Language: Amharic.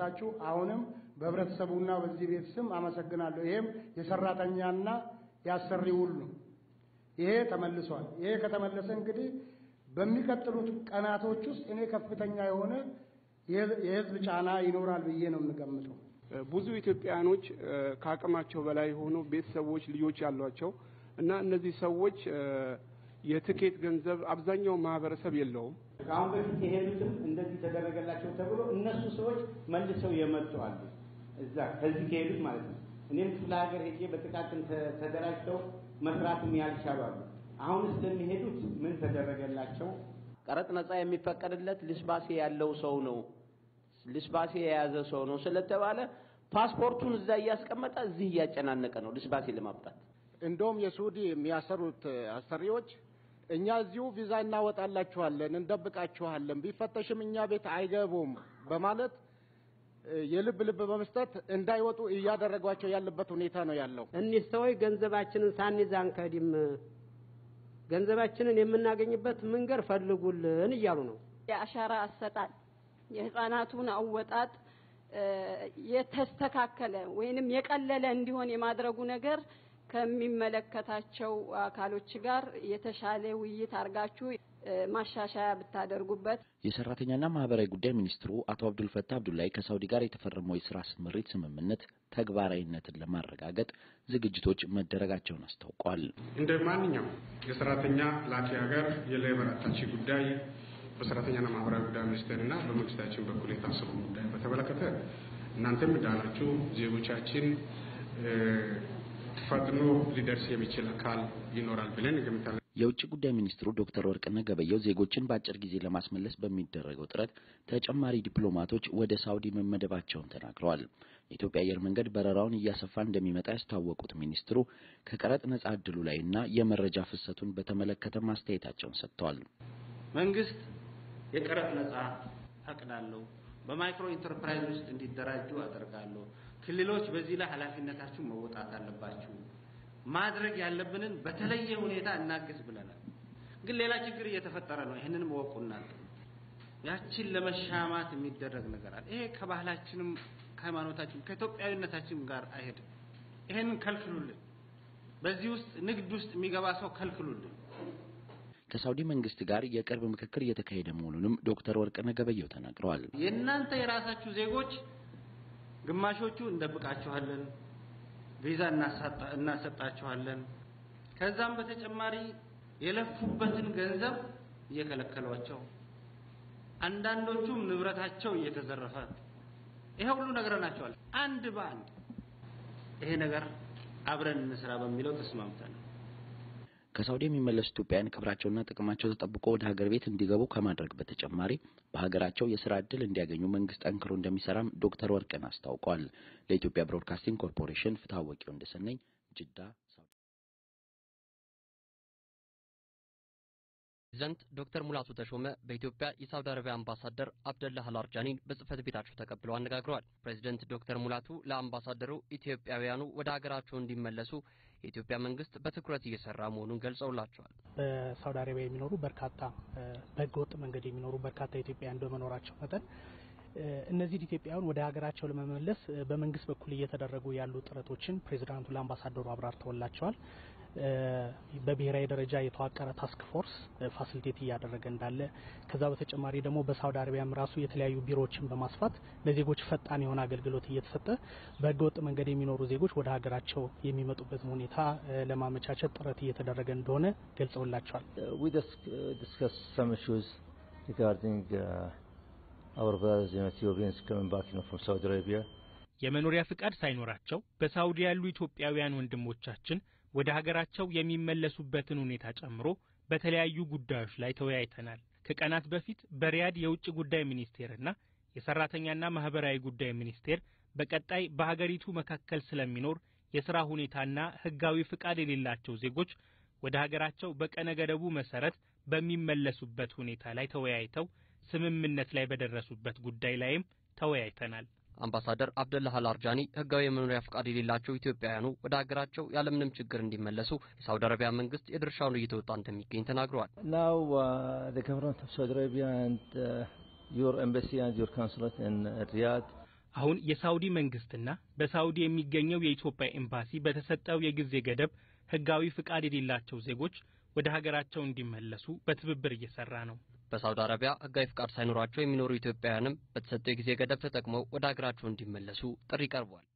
ላችሁ አሁንም በህብረተሰቡና በዚህ ቤት ስም አመሰግናለሁ። ይሄም የሰራተኛና የአሰሪ ውል ነው። ይሄ ተመልሷል። ይሄ ከተመለሰ እንግዲህ በሚቀጥሉት ቀናቶች ውስጥ እኔ ከፍተኛ የሆነ የህዝብ ጫና ይኖራል ብዬ ነው የምገምተው ብዙ ኢትዮጵያኖች ከአቅማቸው በላይ ሆኖ ቤተሰቦች፣ ልጆች ያሏቸው እና እነዚህ ሰዎች የትኬት ገንዘብ አብዛኛው ማህበረሰብ የለውም። ከአሁን በፊት የሄዱትም እንደዚህ ተደረገላቸው ተብሎ እነሱ ሰዎች መልሰው የመጡ አሉ። እዛ ከዚህ ከሄዱት ማለት ነው። እኔም ክፍለ ሀገር ሄጄ በጥቃትን ተደራጅተው መስራትም ያልቻሉ አሉ። አሁንስ ለሚሄዱት ምን ተደረገላቸው? ቀረጥ ነጻ የሚፈቀድለት ልስባሴ ያለው ሰው ነው፣ ልስባሴ የያዘ ሰው ነው ስለተባለ ፓስፖርቱን እዛ እያስቀመጠ እዚህ እያጨናነቀ ነው ልስባሴ ለማምጣት። እንደውም የሱዲ የሚያሰሩት አሰሪዎች እኛ እዚሁ ቪዛ እናወጣላችኋለን፣ እንደብቃችኋለን፣ ቢፈተሽም እኛ ቤት አይገቡም በማለት የልብ ልብ በመስጠት እንዳይወጡ እያደረጓቸው ያለበት ሁኔታ ነው ያለው። እኒህ ሰዎች ገንዘባችንን ሳንይዝ አንከዲም፣ ገንዘባችንን የምናገኝበት መንገድ ፈልጉልን እያሉ ነው። የአሻራ አሰጣጥ፣ የህፃናቱን አወጣጥ የተስተካከለ ወይንም የቀለለ እንዲሆን የማድረጉ ነገር ከሚመለከታቸው አካሎች ጋር የተሻለ ውይይት አድርጋችሁ ማሻሻያ ብታደርጉበት። የሰራተኛና ማህበራዊ ጉዳይ ሚኒስትሩ አቶ አብዱልፈታ አብዱላይ ከሳውዲ ጋር የተፈረመው የስራ ስምሪት ስምምነት ተግባራዊነትን ለማረጋገጥ ዝግጅቶች መደረጋቸውን አስታውቋል። እንደ ማንኛውም የሰራተኛ ላኪ ሀገር የሌበር አታች ጉዳይ በሰራተኛና ማህበራዊ ጉዳይ ሚኒስቴርና በመንግስታችን በኩል የታሰበውን ጉዳይ በተመለከተ እናንተም እንዳላችሁ ዜጎቻችን ፈጥኖ ሊደርስ የሚችል አካል ይኖራል ብለን እንገምታለን። የውጭ ጉዳይ ሚኒስትሩ ዶክተር ወርቅነህ ገበየሁ ዜጎችን በአጭር ጊዜ ለማስመለስ በሚደረገው ጥረት ተጨማሪ ዲፕሎማቶች ወደ ሳውዲ መመደባቸውን ተናግረዋል። የኢትዮጵያ አየር መንገድ በረራውን እያሰፋ እንደሚመጣ ያስታወቁት ሚኒስትሩ ከቀረጥ ነጻ እድሉ ላይና የመረጃ ፍሰቱን በተመለከተ ማስተያየታቸውን ሰጥተዋል። መንግስት የቀረጥ ነጻ ፈቅዳለሁ፣ በማይክሮ ኢንተርፕራይዝ ውስጥ እንዲደራጁ አደርጋለሁ ክልሎች በዚህ ላይ ኃላፊነታችሁን መወጣት አለባችሁ። ማድረግ ያለብንን በተለየ ሁኔታ እናግዝ ብለናል። ግን ሌላ ችግር እየተፈጠረ ነው። ይህንንም ወቁና ያችን ለመሻማት የሚደረግ ነገር አለ። ይሄ ከባህላችንም ከሃይማኖታችን ከኢትዮጵያዊነታችን ጋር አይሄድም። ይሄንን ከልክሉልን። በዚህ ውስጥ ንግድ ውስጥ የሚገባ ሰው ከልክሉልን። ከሳውዲ መንግስት ጋር የቅርብ ምክክር እየተካሄደ መሆኑንም ዶክተር ወርቅነ ገበየው ተናግረዋል። የእናንተ የራሳችሁ ዜጎች ግማሾቹ እንደብቃችኋለን፣ ቪዛ እናሰጣችኋለን። ከዛም በተጨማሪ የለፉበትን ገንዘብ እየከለከሏቸው፣ አንዳንዶቹም ንብረታቸው እየተዘረፈ ይሄ ሁሉ ነግረናቸዋል። አንድ በአንድ ይሄ ነገር አብረን እንስራ በሚለው ተስማምተናል። ከሳውዲ የሚመለሱ ኢትዮጵያውያን ክብራቸውና ጥቅማቸው ተጠብቆ ወደ ሀገር ቤት እንዲገቡ ከማድረግ በተጨማሪ በሀገራቸው የስራ እድል እንዲያገኙ መንግስት ጠንክሮ እንደሚሰራም ዶክተር ወርቅን አስታውቋል። ለኢትዮጵያ ብሮድካስቲንግ ኮርፖሬሽን ፍትሐወቂው እንደሰነኝ ጅዳ ዘንድ ዶክተር ሙላቱ ተሾመ በኢትዮጵያ የሳውዲ አረቢያ አምባሳደር አብደላህ ሀላርጃኒን በጽህፈት ቤታቸው ተቀብለው አነጋግረዋል። ፕሬዚደንት ዶክተር ሙላቱ ለአምባሳደሩ ኢትዮጵያውያኑ ወደ ሀገራቸው እንዲመለሱ የኢትዮጵያ መንግስት በትኩረት እየሰራ መሆኑን ገልጸውላቸዋል። በሳውዲ አረቢያ የሚኖሩ በርካታ በህገወጥ መንገድ የሚኖሩ በርካታ ኢትዮጵያውያን በመኖራቸው መጠን እነዚህ ኢትዮጵያውያን ወደ ሀገራቸው ለመመለስ በመንግስት በኩል እየተደረጉ ያሉ ጥረቶችን ፕሬዚዳንቱ ለአምባሳደሩ አብራርተውላቸዋል። በብሔራዊ ደረጃ የተዋቀረ ታስክ ፎርስ ፋሲሊቴት እያደረገ እንዳለ ከዛ በተጨማሪ ደግሞ በሳውዲ አረቢያም ራሱ የተለያዩ ቢሮዎችን በማስፋት ለዜጎች ፈጣን የሆነ አገልግሎት እየተሰጠ በህገወጥ መንገድ የሚኖሩ ዜጎች ወደ ሀገራቸው የሚመጡበትን ሁኔታ ለማመቻቸት ጥረት እየተደረገ እንደሆነ ገልጸውላቸዋል። uh, የመኖሪያ ፍቃድ ሳይኖራቸው በሳውዲ ያሉ ኢትዮጵያውያን ወንድሞቻችን ወደ ሀገራቸው የሚመለሱበትን ሁኔታ ጨምሮ በተለያዩ ጉዳዮች ላይ ተወያይተናል። ከቀናት በፊት በሪያድ የውጭ ጉዳይ ሚኒስቴርና የሰራተኛና ማህበራዊ ጉዳይ ሚኒስቴር በቀጣይ በሀገሪቱ መካከል ስለሚኖር የስራ ሁኔታና ህጋዊ ፍቃድ የሌላቸው ዜጎች ወደ ሀገራቸው በቀነ ገደቡ መሰረት በሚመለሱበት ሁኔታ ላይ ተወያይተው ስምምነት ላይ በደረሱበት ጉዳይ ላይም ተወያይተናል። አምባሳደር አብደላህ አልአርጃኒ ህጋዊ የመኖሪያ ፍቃድ የሌላቸው ኢትዮጵያውያኑ ወደ ሀገራቸው ያለምንም ችግር እንዲመለሱ የሳውዲ አረቢያ መንግስት የድርሻውን እየተወጣ እንደሚገኝ ተናግረዋል። uh, uh, uh, አሁን የሳውዲ መንግስትና በሳውዲ የሚገኘው የኢትዮጵያ ኤምባሲ በተሰጠው የጊዜ ገደብ ህጋዊ ፍቃድ የሌላቸው ዜጎች ወደ ሀገራቸው እንዲመለሱ በትብብር እየሰራ ነው። በሳውዲ አረቢያ ህጋዊ ፍቃድ ሳይኖራቸው የሚኖሩ ኢትዮጵያውያንም በተሰጠው የጊዜ ገደብ ተጠቅመው ወደ ሀገራቸው እንዲመለሱ ጥሪ ቀርቧል።